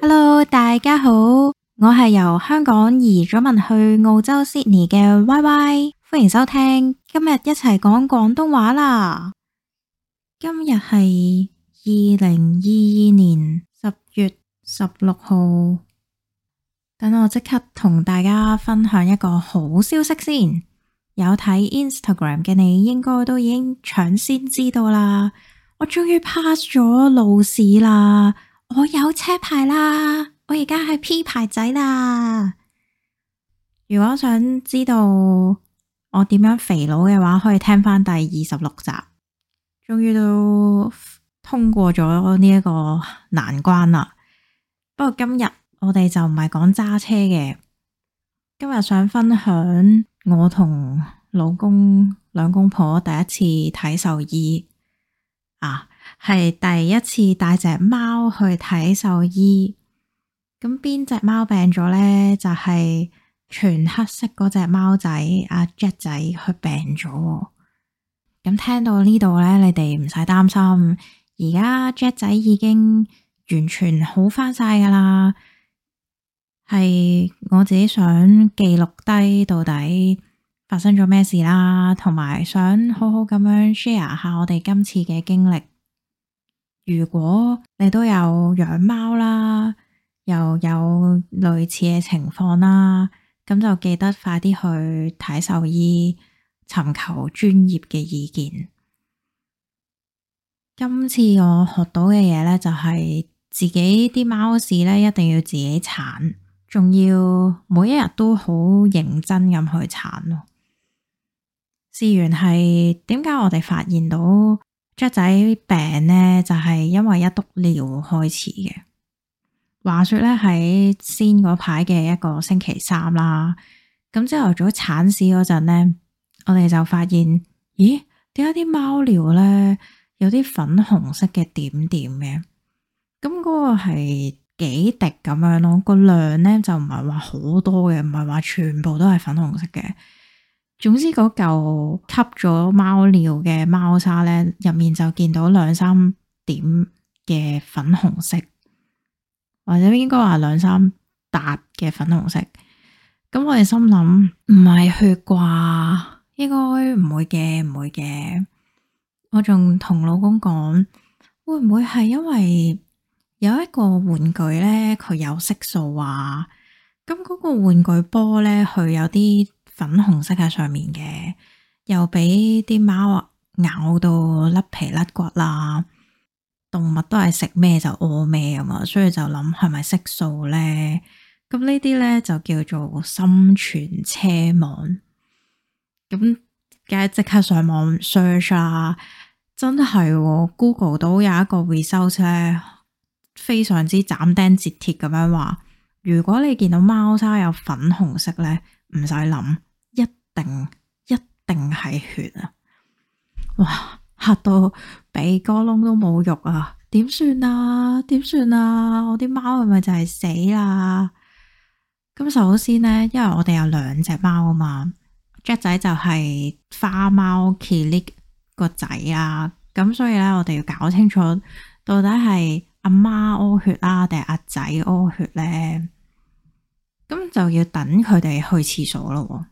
Hello，大家好，我係由香港移咗民去澳洲 Sydney 嘅 Y Y，歡迎收聽，今日一齊講廣東話啦。今日係二零二二年十月十六號，等我即刻同大家分享一個好消息先。有睇 Instagram 嘅你應該都已經搶先知道啦，我終於 pass 咗路試啦，我有車牌啦，我而家係 P 牌仔啦。如果想知道我點樣肥佬嘅話，可以聽翻第二十六集，終於都通過咗呢一個難關啦。不過今日我哋就唔係講揸車嘅，今日想分享我同老公兩公婆第一次睇獸醫啊，係第一次帶隻貓去睇獸醫。咁邊隻貓病咗呢？就係、是、全黑色嗰隻貓仔阿、啊、JAG 仔佢病咗。咁、啊、聽到呢度呢，你哋唔使擔心。而家 JAG 仔已經完全好翻晒噶啦。係我自己想記錄低到底。發生咗咩事啦？同埋想好好咁樣 share 下我哋今次嘅經歷。如果你都有養貓啦，又有類似嘅情況啦，咁就記得快啲去睇獸醫，尋求專業嘅意見。今次我學到嘅嘢呢，就係自己啲貓屎咧，一定要自己鏟，仲要每一日都好認真咁去鏟咯。事源係點解我哋發現到雀仔病呢？就係、是、因為一篤尿開始嘅。話說咧，喺先嗰排嘅一個星期三啦，咁之後做鏟屎嗰陣呢，我哋就發現，咦，點解啲貓尿呢有啲粉紅色嘅點點嘅？咁、那、嗰個係幾滴咁樣咯，個量呢就唔係話好多嘅，唔係話全部都係粉紅色嘅。總之嗰嚿吸咗貓尿嘅貓砂咧，入面就見到兩三點嘅粉紅色，或者應該話兩三笪嘅粉紅色。咁我哋心諗唔係血啩，應該唔會嘅，唔會嘅。我仲同老公講，會唔會係因為有一個玩具咧，佢有色素啊？咁嗰個玩具波咧，佢有啲。粉紅色喺上面嘅，又俾啲貓咬到甩皮甩骨啦。動物都係食咩就屙咩啊嘛，所以就諗係咪色素呢？咁呢啲呢，就叫做心存奢望。咁梗係即刻上網 search 啦，真係、哦、Google 都有一個 result，非常之斬釘截鐵咁樣話，如果你見到貓砂有粉紅色呢，唔使諗。定一定係血啊！哇，吓到鼻哥窿都冇肉啊！點算啊？點算啊？我啲貓係咪就係死啦，啊？咁首先呢，因為我哋有兩隻貓啊嘛，JAG 仔，仔就係花貓 Kili 個仔啊，咁所以咧，我哋要搞清楚到底係阿媽屙血啊，定係阿仔屙血咧？咁就要等佢哋去廁所咯。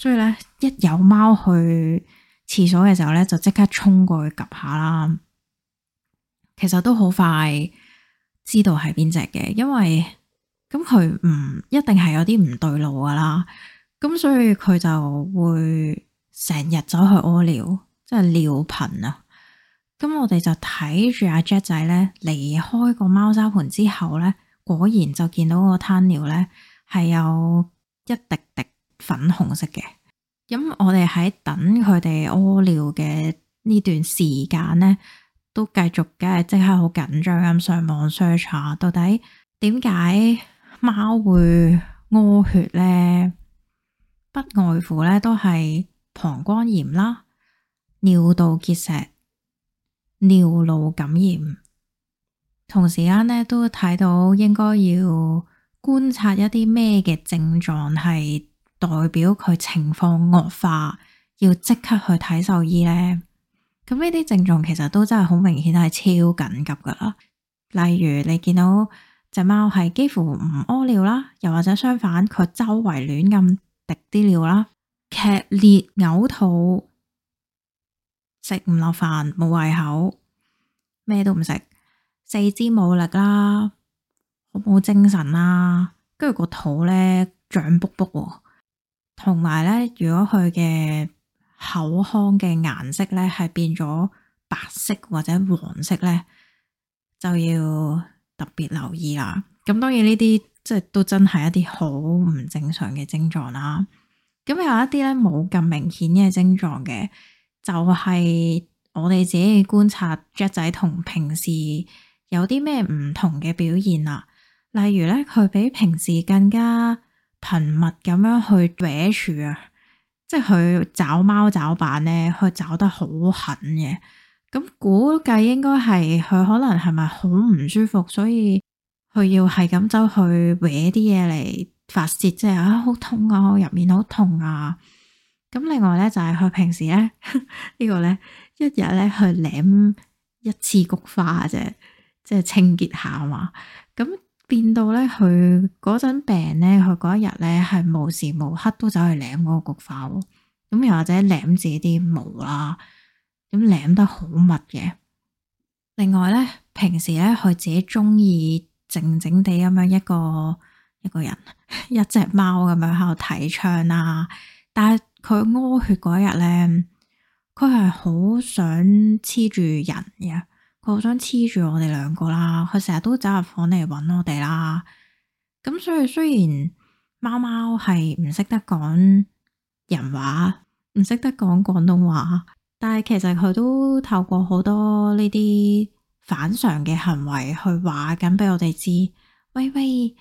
所以咧，一有貓去廁所嘅時候咧，就即刻衝過去 𥄫 下啦。其實都好快知道係邊隻嘅，因為咁佢唔一定係有啲唔對路噶啦。咁所以佢就會成日走去屙尿，即係尿頻啊。咁我哋就睇住阿 JAG 仔咧離開個貓砂盆之後咧，果然就見到個攤尿咧係有一滴滴粉紅色嘅。咁、嗯、我哋喺等佢哋屙尿嘅呢段時間呢，都繼續梗係即刻好緊張咁上網 search 下，到底點解貓會屙血呢？不外乎呢，都係膀胱炎啦、尿道結石、尿路感染，同時間呢都睇到應該要觀察一啲咩嘅症狀係，代表佢情況惡化，要即刻去睇獸醫呢。咁呢啲症狀其實都真係好明顯，係超緊急噶啦。例如你見到隻貓係幾乎唔屙尿啦，又或者相反，佢周圍亂咁滴啲尿啦，劇烈嘔吐，食唔落飯，冇胃口，咩都唔食，四肢冇力啦，冇精神啦，跟住個肚呢脹卜卜。同埋咧，如果佢嘅口腔嘅顏色咧係變咗白色或者黃色咧，就要特別留意啦。咁當然呢啲即係都真係一啲好唔正常嘅症狀啦。咁有一啲咧冇咁明顯嘅症狀嘅，就係我哋自己觀察 JAG 仔同平時有啲咩唔同嘅表現啦。例如咧，佢比平時更加。頻密咁樣去歪住，啊，即係佢找貓找板咧，佢找得好狠嘅。咁估計應該係佢可能係咪好唔舒服，所以佢要係咁走去歪啲嘢嚟發洩，即係啊好痛啊，入面好痛啊。咁另外咧就係、是、佢平時咧呢呵呵、這個咧一日咧去舐一次菊花，即係即係清潔下嘛。咁。變到咧，佢嗰陣病咧，佢嗰一日咧係無時無刻都走去舐嗰個菊花喎，咁又或者舐自己啲毛啦，咁舐得好密嘅。另外咧，平時咧佢自己中意靜靜地咁樣一個一個人，一隻貓咁樣喺度睇窗啦。但係佢屙血嗰日咧，佢係好想黐住人嘅。想我想黐住我哋兩個啦，佢成日都走入房嚟搵我哋啦。咁所以雖然貓貓係唔識得講人話，唔識得講廣東話，但係其實佢都透過好多呢啲反常嘅行為去話緊俾我哋知：喂喂，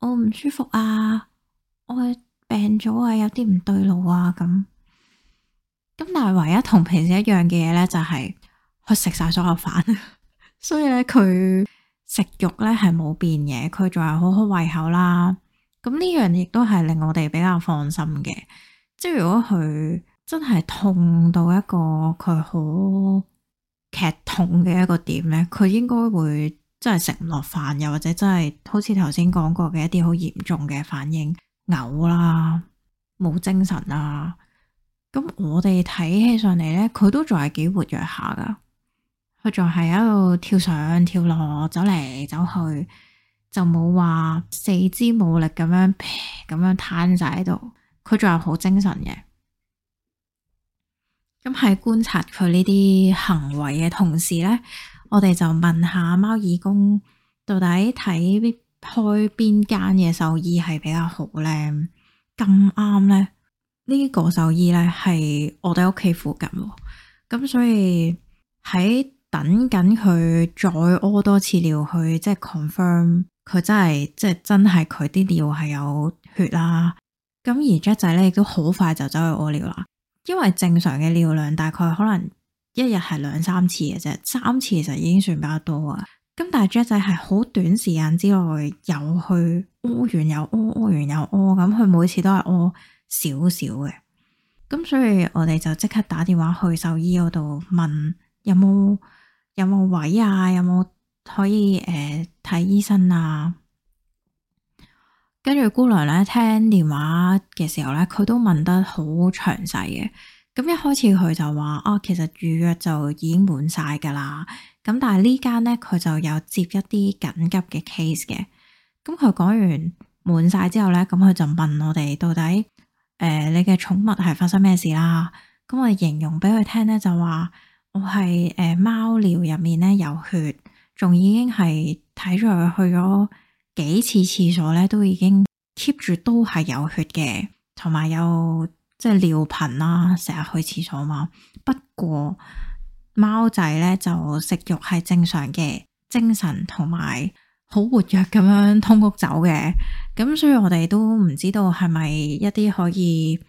我唔舒服啊，我病咗啊，有啲唔對路啊咁。咁但係唯一同平時一樣嘅嘢咧，就係。佢食晒所有飯， 所以咧佢食肉咧係冇變嘅，佢仲係好好胃口啦。咁呢樣亦都係令我哋比較放心嘅。即係如果佢真係痛到一個佢好劇痛嘅一個點咧，佢應該會真係食唔落飯，又或者真係好似頭先講過嘅一啲好嚴重嘅反應，嘔啦，冇精神啦，啊。咁我哋睇起上嚟咧，佢都仲係幾活躍下噶。佢仲係喺度跳上跳落，走嚟走去，就冇話四肢冇力咁、呃、樣咁樣癱晒喺度。佢仲係好精神嘅。咁喺觀察佢呢啲行為嘅同時咧，我哋就問下貓義工到底睇開邊間嘅獸醫係比較好咧？咁啱咧，呢、呢個獸醫咧係我哋屋企附近，咁所以喺。等緊佢再屙多次尿，去即係 confirm 佢真係即係真係佢啲尿係有血啦。咁而 JAG 仔咧亦都好快就走去屙尿啦，因為正常嘅尿量大概可能一日係兩三次嘅啫，三次其實已經算比較多啊。咁但係 JAG 仔係好短時間之內又去屙完又屙，屙完又屙，咁佢每次都係屙少少嘅。咁所以我哋就即刻打電話去獸醫嗰度問有冇？有冇位啊？有冇可以誒睇、呃、醫生啊？跟住，姑娘咧聽電話嘅時候咧，佢都問得好詳細嘅。咁一開始佢就話啊、哦，其實預約就已經滿晒噶啦。咁但係呢間咧佢就有接一啲緊急嘅 case 嘅。咁佢講完滿晒之後咧，咁佢就問我哋到底誒、呃、你嘅寵物係發生咩事啦？咁我哋形容俾佢聽咧就話。我係誒，貓尿入面咧有血，仲已經係睇咗佢去咗幾次廁所咧，都已經 keep 住都係有血嘅，同埋有即係尿頻啦、啊，成日去廁所嘛。不過貓仔咧就食肉係正常嘅，精神同埋好活躍咁樣通屋走嘅。咁所以我哋都唔知道係咪一啲可以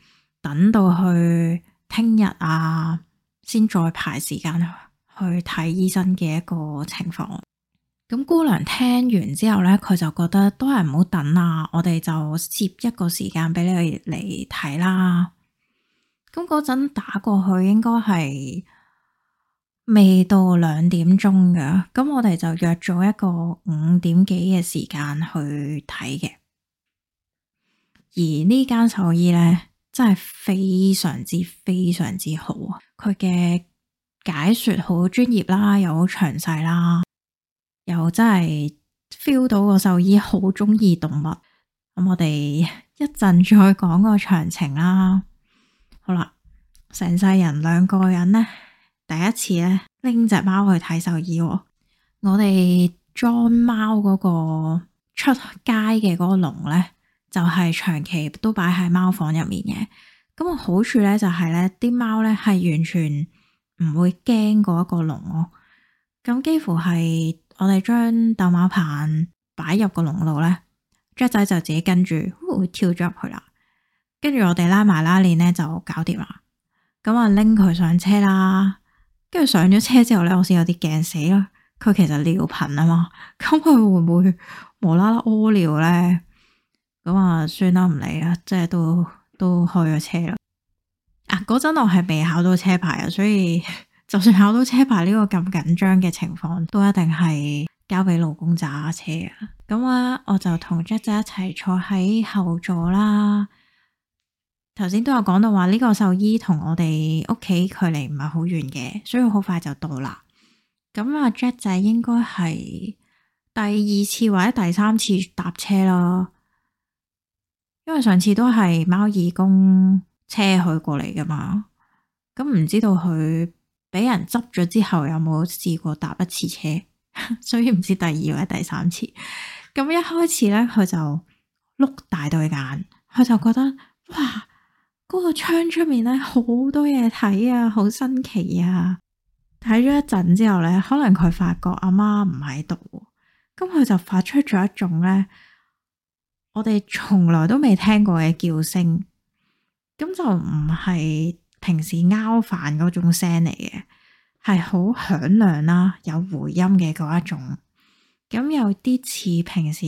等到去聽日啊？先再排時間去睇醫生嘅一個情況。咁姑娘聽完之後呢，佢就覺得都係唔好等啦，我哋就攝一個時間俾你嚟睇啦。咁嗰陣打過去應該係未到兩點鐘嘅，咁我哋就約咗一個五點幾嘅時間去睇嘅。而呢間獸醫呢。真係非常之非常之好啊！佢嘅解說好專業啦，又好詳細啦，又真係 feel 到個獸醫好中意動物。咁我哋一陣再講個詳情啦。好啦，成世人兩個人呢，第一次呢拎隻貓去睇獸醫，我哋裝貓嗰個出街嘅嗰個籠呢，就係長期都擺喺貓房入面嘅，咁個好處咧就係咧，啲貓咧係完全唔會驚嗰一個籠哦。咁幾乎係我哋將逗貓棒擺入個籠度咧，雀仔就自己跟住會跳咗入去啦。跟住我哋拉埋拉鏈咧就搞掂啦。咁啊，拎佢上車啦。跟住上咗車之後咧，我先有啲驚死啦。佢其實尿頻啊嘛，咁佢會唔會無啦啦屙尿咧？咁啊，算啦，唔理啦，即係都都開咗車啦。啊，嗰陣我係未考到車牌啊，所以 就算考到車牌，呢個咁緊張嘅情況，都一定係交俾老公揸車啊。咁啊，我就同 JAG 仔一齊坐喺後座啦。頭先都有講到話呢個獸醫同我哋屋企距離唔係好遠嘅，所以好快就到啦。咁啊，JAG 仔應該係第二次或者第三次搭車啦。因為上次都係貓義工車佢過嚟噶嘛，咁唔知道佢俾人執咗之後有冇試過搭一次車，所以唔知第二或者第三次。咁、嗯、一開始咧，佢就碌大對眼，佢就覺得哇，嗰、嗰個窗出面咧，好多嘢睇啊，好新奇啊！睇咗一陣之後咧，可能佢發覺阿媽唔喺度，咁佢就發出咗一種咧，我哋從來都未聽過嘅叫聲，咁就唔係平時拗飯嗰種聲嚟嘅，係好響亮啦，有回音嘅嗰一種，咁有啲似平時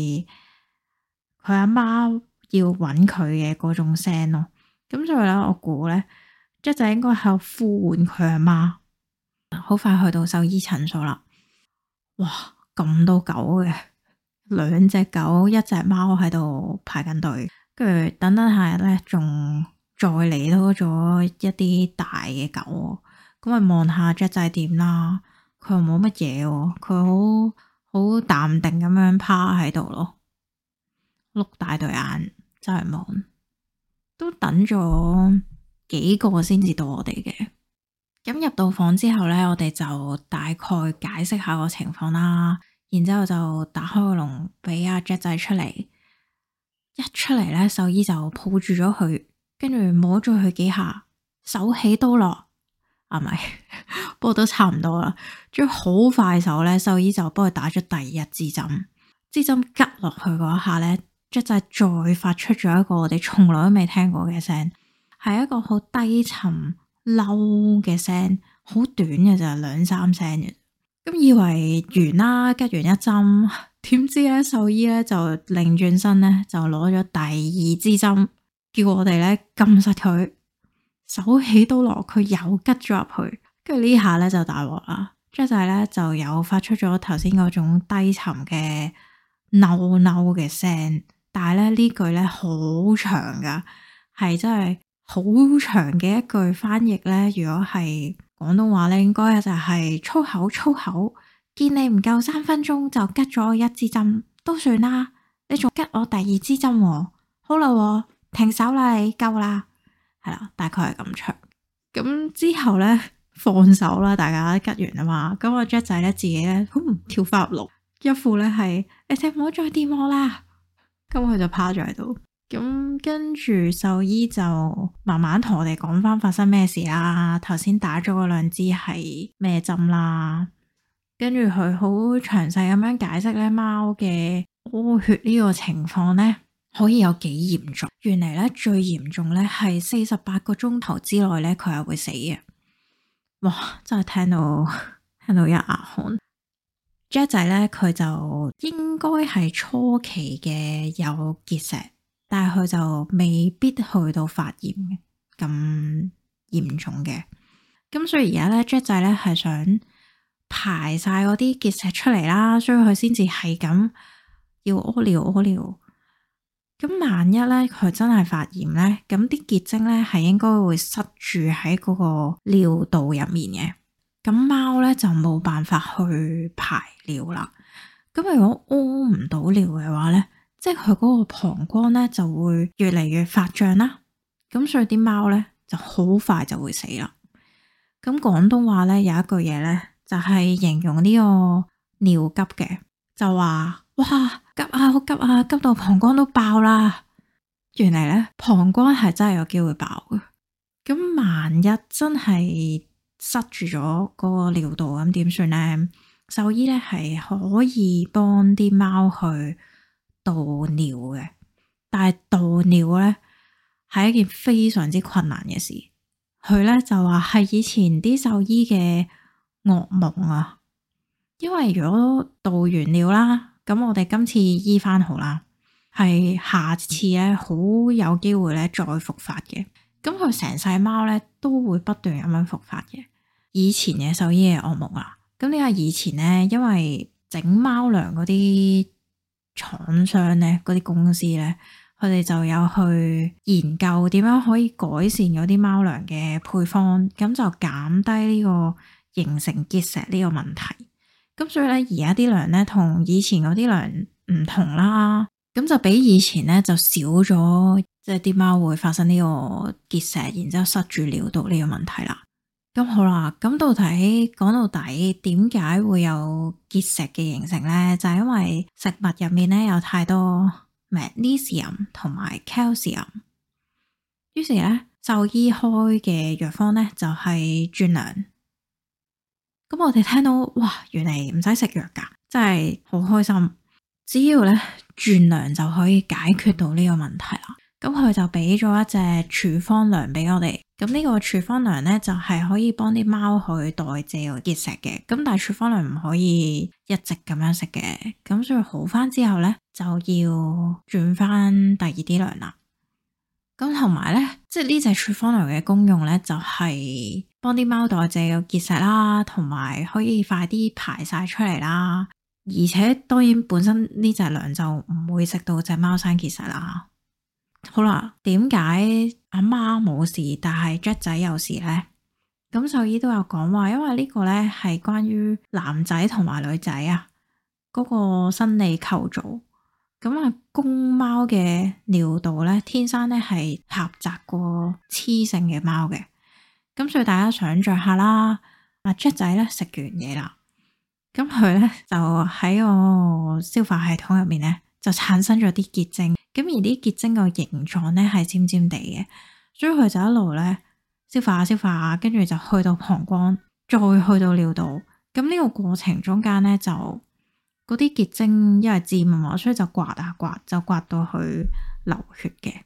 佢阿媽要揾佢嘅嗰種聲咯，咁所以咧，我估咧，即係應該喺度呼喚佢阿媽，好快去到獸醫診所啦，哇，咁多狗嘅。兩隻狗，一隻貓喺度排緊隊，跟住等等下日咧，仲再嚟多咗一啲大嘅狗。咁啊，望下 JAG 仔點啦，佢又冇乜嘢，佢好好淡定咁樣趴喺度咯，碌大對眼，真係悶，都等咗幾個先至到我哋嘅。咁入到房之後咧，我哋就大概解釋下個情況啦。然之後就打開個籠俾阿 JAG 仔出嚟，一出嚟咧，獸醫就抱住咗佢，跟住摸咗佢幾下，手起刀落，係、啊、咪？不過 都差唔多啦。最好快手咧，獸醫就幫佢打咗第一支針。支針拮落去嗰一下咧，JAG 仔再發出咗一個我哋從來都未聽過嘅聲，係一個好低沉嬲嘅聲，好短嘅咋，兩三聲嘅。咁以為完啦，吉完一針，點知咧獸醫咧就擰轉身咧，就攞咗第二支針，叫我哋咧撳實佢，手起刀落，佢又吉咗入去，跟住呢下咧就大鑊啦，即係咧，就有發出咗頭先嗰種低沉嘅嬲嬲嘅聲，但係咧呢句咧好長噶，係真係好長嘅一句翻譯咧，如果係。廣東話咧，應該就係粗口粗口，見你唔夠三分鐘就拮咗我一支針，都算啦。你仲拮我第二支針，哦，好啦，哦，停手啦，你夠啦，係啦，大概係咁長。咁之後咧放手啦，大家拮完啊嘛。咁我 JAG 仔咧自己咧，唔、哦、跳翻入籠，一副咧係你哋唔好再掂我啦。咁佢就趴咗喺度。咁、嗯、跟住獸醫就慢慢同我哋講翻發生咩事啦，頭先打咗個兩支係咩針啦，跟住佢好詳細咁樣解釋咧，貓嘅屙血呢個情況咧可以有幾嚴重，原嚟咧最嚴重咧係四十八個鐘頭之內咧佢係會死嘅，哇真係聽到呵呵聽到一牙汗。JAG 仔咧佢就應該係初期嘅有結石。但係佢就未必去到發炎嘅咁嚴重嘅，咁所以而家咧 JAG 仔咧係想排晒嗰啲結石出嚟啦，所以佢先至係咁要屙尿屙尿。咁萬一咧佢真係發炎咧，咁啲結晶咧係應該會塞住喺嗰個尿道入面嘅，咁貓咧就冇辦法去排尿啦。咁如果屙唔到尿嘅話咧？即係佢嗰個膀胱咧，就會越嚟越發脹啦。咁所以啲貓咧，就好快就會死啦。咁廣東話咧有一句嘢咧，就係形容呢個尿急嘅，就話：哇，急啊，好急啊，急到膀胱都爆啦！原嚟咧，膀胱係真係有機會爆嘅。咁萬一真係塞住咗嗰個尿道，咁點算咧？獸醫咧係可以幫啲貓去。導尿嘅，但係導尿咧係一件非常之困難嘅事。佢咧就話係以前啲獸醫嘅噩夢啊，因為如果導完尿啦，咁我哋今次醫翻好啦，係下次咧好有機會咧再復發嘅。咁佢成世貓咧都會不斷咁樣復發嘅，以前嘅獸醫嘅噩夢啊。咁你話以前咧，因為整貓糧嗰啲。廠商咧，嗰啲公司咧，佢哋就有去研究點樣可以改善嗰啲貓糧嘅配方，咁就減低呢個形成結石呢個問題。咁所以咧，而家啲糧咧同以前嗰啲糧唔同啦，咁就比以前咧就少咗，即係啲貓會發生呢個結石，然之後塞住尿道呢個問題啦。咁好啦，咁到底講到底，點解會有結石嘅形成呢？就係、是、因為食物入面咧有太多 Magnesium 同埋 Calcium。於是咧，獸醫開嘅藥方咧就係轉糧。咁我哋聽到哇，原嚟唔使食藥噶，真係好開心。只要咧轉糧就可以解決到呢個問題啦。咁佢就俾咗一隻處方糧俾我哋。咁呢個處方糧呢，就係、是、可以幫啲貓去代謝個結石嘅，咁但係處方糧唔可以一直咁樣食嘅，咁所以好翻之後呢，就要轉翻第二啲糧啦。咁同埋呢，即係呢隻處方糧嘅功用呢，就係、是、幫啲貓代謝個結石啦，同埋可以快啲排晒出嚟啦。而且當然本身呢隻糧就唔會食到隻貓生結石啦。好啦，點解阿媽冇事，但係 JAG 仔有事呢？咁獸醫都有講話因為呢個呢係關於男仔同埋女仔啊，嗰個生理構造。咁啊，公貓嘅尿道呢，天生呢係狹窄過雌性嘅貓嘅。咁所以大家想象下啦，阿 JAG 仔呢，食完嘢啦，咁佢呢就喺個消化系統入面呢，就產生咗啲結晶。咁而啲結晶個形狀咧係尖尖地嘅，所以佢就一路咧消化下、啊、消化下、啊，跟住就去到膀胱，再去到尿道。咁呢個過程中間咧，就嗰啲結晶因係尖啊，所以就刮啊刮，就刮到佢流血嘅。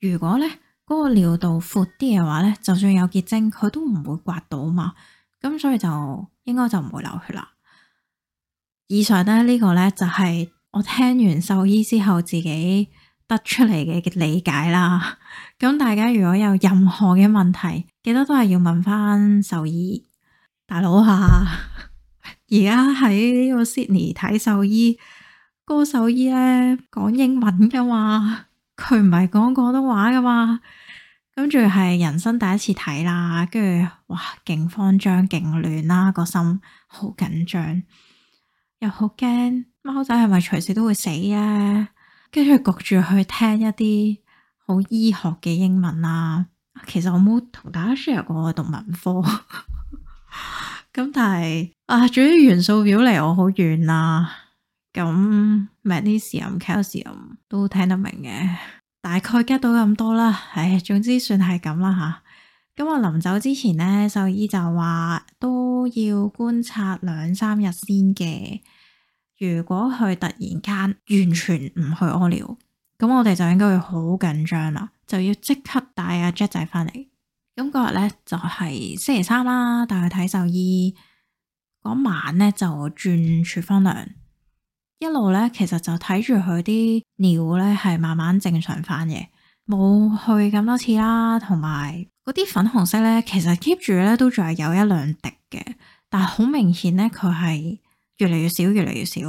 如果咧嗰、嗰個尿道闊啲嘅話咧，就算有結晶，佢都唔會刮到嘛。咁所以就應該就唔會流血啦。以上咧呢、呢個咧就係、係，我聽完獸醫之後自己得出嚟嘅理解啦，咁 大家如果有任何嘅問題，記得都係要問翻獸醫大佬吓。而家喺呢個 Sydney 睇獸醫，個獸醫咧講英文噶嘛，佢唔係講廣東話噶嘛。跟住係人生第一次睇啦，跟住哇，勁慌張勁亂啦，個心好緊張。又好驚貓仔係咪隨時都會死咧？跟住焗住去聽一啲好醫學嘅英文啊！其實我冇同大家 share 過我讀文科，咁 但係啊，仲有元素表離我好遠啦。咁 magnesium、Mag calcium 都聽得明嘅，大概 get 到咁多啦。唉、哎，總之算係咁啦吓。咁、啊、我臨走之前呢，獸醫就話都要觀察兩三日先嘅。如果佢突然間完全唔去屙尿，咁我哋就應該會好緊張啦，就要即刻帶阿 JAG 仔翻嚟。咁嗰日呢，就係星期三啦，帶佢睇獸醫，嗰晚呢，就轉處方糧，一路呢，其實就睇住佢啲尿呢，係慢慢正常翻嘅，冇去咁多次啦，同埋嗰啲粉紅色呢，其實 keep 住呢，都仲係有一兩滴嘅，但係好明顯呢，佢係，越嚟越少，越嚟越少。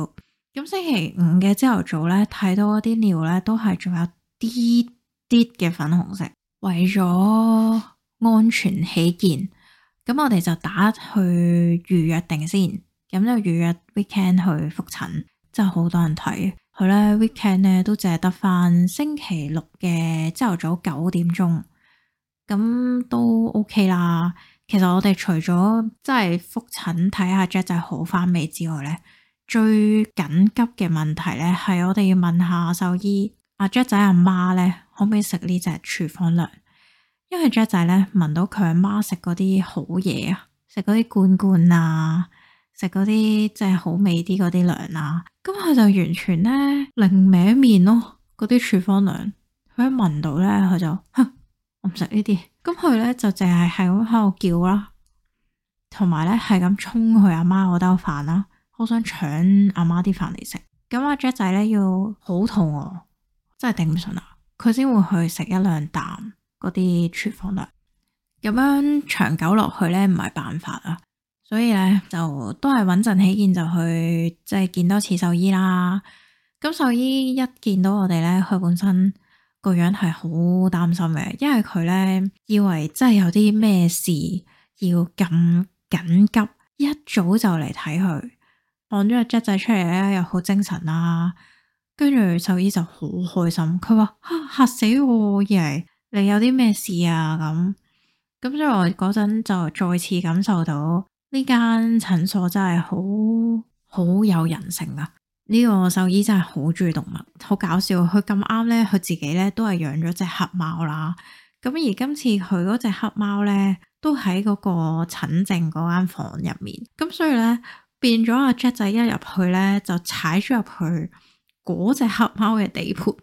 咁星期五嘅朝頭早咧，睇到啲尿咧，都係仲有啲啲嘅粉紅色。為咗安全起見，咁我哋就打去預約定先。咁就預約 weekend 去復診，真係好多人睇。好啦，weekend 咧都淨係得翻星期六嘅朝頭早九點鐘，咁都 OK 啦。其實我哋除咗真係複診睇下 JAG 仔好翻未之外咧，最緊急嘅問題咧係我哋要問下獸醫阿 JAG 仔阿媽咧，可唔可以食呢隻廚房糧？因為 JAG 仔咧聞到佢阿媽食嗰啲好嘢啊，食嗰啲罐罐啊，食嗰啲即係好味啲嗰啲糧啊，咁佢就完全咧擰歪面咯，嗰啲廚房糧，佢一聞到咧，佢就哼。唔食呢啲，咁佢咧就淨係係咁喺度叫啦，同埋咧係咁衝佢阿媽，嗰兜飯啦，好想搶阿媽啲飯嚟食。咁阿 JAG 仔咧要好肚餓、啊，真係頂唔順啊，佢先會去食一兩啖嗰啲廚房糧。咁樣長久落去咧唔係辦法啊，所以咧就都係穩陣起見就去即係、就是、見多次獸醫啦。咁獸醫一見到我哋咧，佢本身。個樣係好擔心嘅，因為佢咧以為真係有啲咩事要咁緊急，一早就嚟睇佢，攞咗個 JAG 仔出嚟咧，又好精神啦、啊。跟住獸醫就好開心，佢話吓嚇死我，以為你有啲咩事啊？咁咁，所以我嗰陣就再次感受到呢間診所真係好好有人性啊！呢個獸醫真係好鍾意動物，好搞笑。佢咁啱咧，佢自己咧都係養咗隻黑貓啦。咁而今次佢嗰隻黑貓咧，都喺嗰個診症嗰間房入面。咁所以咧，變咗阿、啊、Jack 仔一入去咧，就踩咗入去嗰隻黑貓嘅地盤，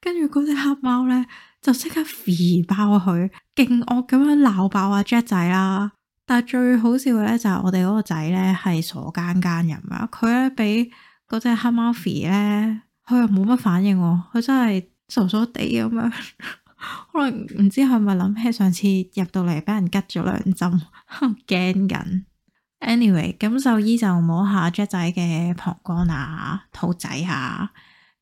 跟住嗰隻黑貓咧就即刻吠爆佢，勁惡咁樣鬧爆阿、啊、Jack 仔啦。但係最好笑嘅咧就係我哋嗰個仔咧係傻更更人。啦，佢咧俾。嗰隻黑貓肥咧，佢又冇乜反應、啊，佢真係傻傻地咁樣， 可能唔知佢係咪諗起上次入到嚟俾人吉咗兩針，驚緊。Anyway，咁獸醫就摸，摸下 JAG 仔嘅膀胱啊、肚仔啊，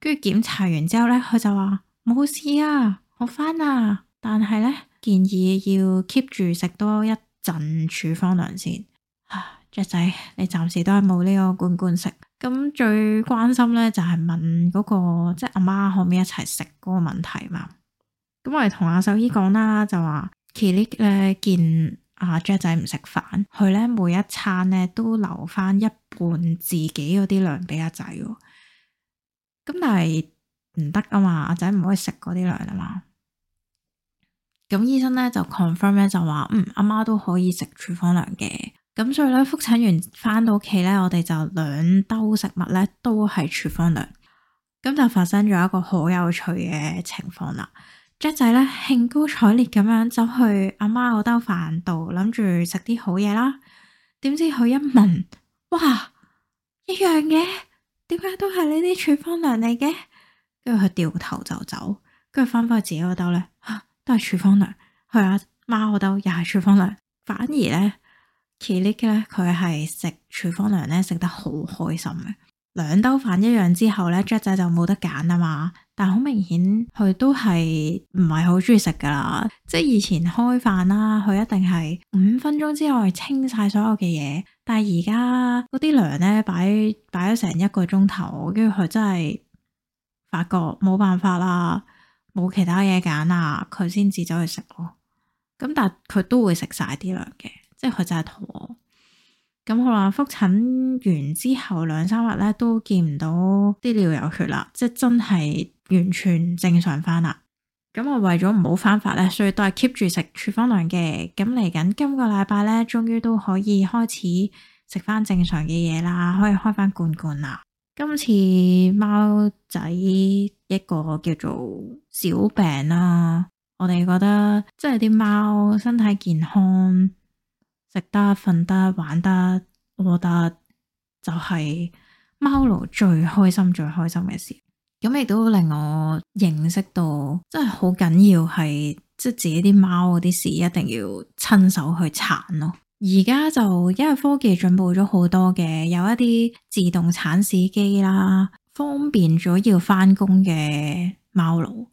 跟住檢查完之後咧，佢就話冇事啊，我翻啦。但係咧，建議要 keep 住食多一陣處方糧先。啊、JAG 仔，你暫時都係冇呢個罐罐食。咁最關心咧就係問嗰、那個即係阿媽可唔可以一齊食嗰個問題嘛？咁我哋同阿獸醫講啦，就話 Kili 咧見阿 Jack 仔唔食飯，佢咧每一餐咧都留返一半自己嗰啲糧俾阿仔。咁但係唔得啊嘛，阿仔唔可以食嗰啲糧啊嘛。咁醫生咧就 confirm 咧就話，嗯，阿媽都可以食廚房糧嘅。咁所以咧，復診完翻到屋企咧，我哋就兩兜食物咧都係處方糧。咁就發生咗一個好有趣嘅情況啦。JAG 仔咧興高采烈咁樣走去阿媽嗰兜飯度，諗住食啲好嘢啦。點知佢一聞，哇，一樣嘅，點解都係呢啲處方糧嚟嘅？跟住佢掉頭就走，跟住翻翻去自己嗰兜咧，都係處方糧。去阿媽嗰兜又係處方糧，反而咧。奇力嘅佢係食廚房糧咧，食得好開心嘅。兩兜飯一樣之後咧，雀仔 呢就冇得揀啊嘛。但好明顯，佢都係唔係好中意食噶啦。即係以前開飯啦、啊，佢一定係五分鐘之內清晒所有嘅嘢。但係而家嗰啲糧咧擺擺咗成一個鐘頭，跟住佢真係發覺冇辦法啦，冇其他嘢揀啦，佢先至走去食咯。咁但係佢都會食晒啲糧嘅。即係佢就係肚餓，咁好啦。複診完之後兩三日咧，都見唔到啲尿有血啦，即係真係完全正常翻啦。咁我為咗唔好翻發咧，所以都係 keep 住食處方糧嘅。咁嚟緊今個禮拜咧，終於都可以開始食翻正常嘅嘢啦，可以開翻罐罐啦。今次貓仔一個叫做小病啦、啊，我哋覺得即係啲貓身體健康。食得、瞓得、玩得，我覺得，就係貓奴最開心、最開心嘅事。咁亦都令我認識到，真係好緊要係，即係自己啲貓嗰啲屎一定要親手去鏟咯。而家就因為科技進步咗好多嘅，有一啲自動鏟屎機啦，方便咗要翻工嘅貓奴。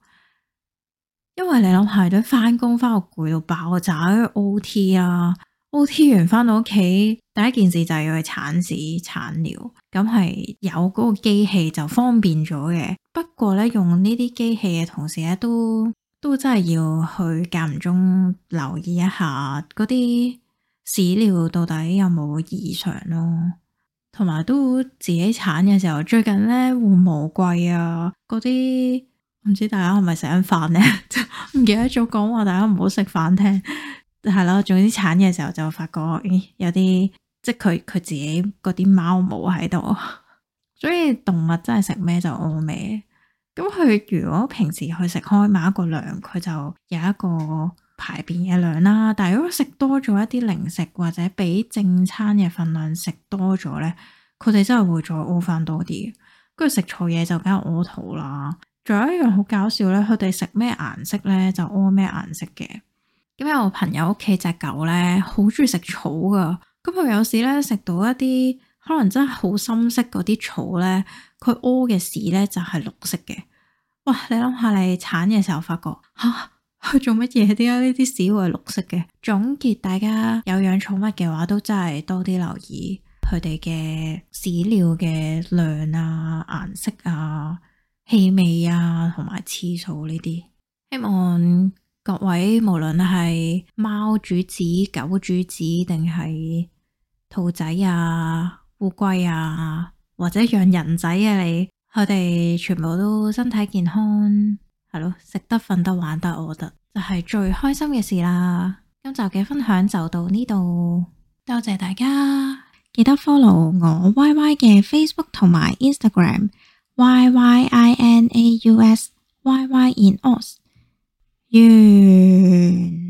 因為你諗排隊翻工翻到攰，到爆炸，就 O T 啊。O.T. 完翻到屋企，第一件事就係要去鏟屎鏟尿，咁係有嗰個機器就方便咗嘅。不過咧，用呢啲機器嘅同時咧，都都真係要去間唔中留意一下嗰啲屎尿到底有冇異常咯。同埋都自己鏟嘅時候，最近咧換毛季啊，嗰啲唔知大家係咪食緊飯咧？唔記得咗講話，大家唔好食飯聽。係咯，總之鏟嘅時候就發覺，咦，有啲即係佢佢自己嗰啲貓毛喺度， 所以動物真係食咩就屙咩。咁佢如果平時去食開某一個糧，佢就有一個排便嘅量啦。但係如果食多咗一啲零食或者比正餐嘅份量食多咗咧，佢哋真係會再屙翻多啲。跟住食錯嘢就梗係屙肚啦。仲有一樣好搞笑咧，佢哋食咩顏色咧就屙咩顏色嘅。因為我朋友屋企隻狗咧，好中意食草噶。咁佢有時咧食到一啲可能真係好深色嗰啲草咧，佢屙嘅屎咧就係綠色嘅。哇！你諗下，你鏟嘅時候發覺吓，佢做乜嘢？點解呢啲屎會係綠色嘅？總結，大家有養寵物嘅話，都真係多啲留意佢哋嘅屎尿嘅量啊、顏色啊、氣味啊同埋次數呢啲，希望。各位，無論係貓主子、狗主子，定係兔仔啊、烏龜啊，或者養人仔嘅、啊、你，佢哋全部都身體健康，係咯，食得、瞓得、玩得，我覺得就係、是、最開心嘅事啦。今集嘅分享就到呢度，多謝大家，記得 follow 我 YY agram, Y Y 嘅 Facebook 同埋 Instagram Y Y I N A U S Y Y In Aus 嗯。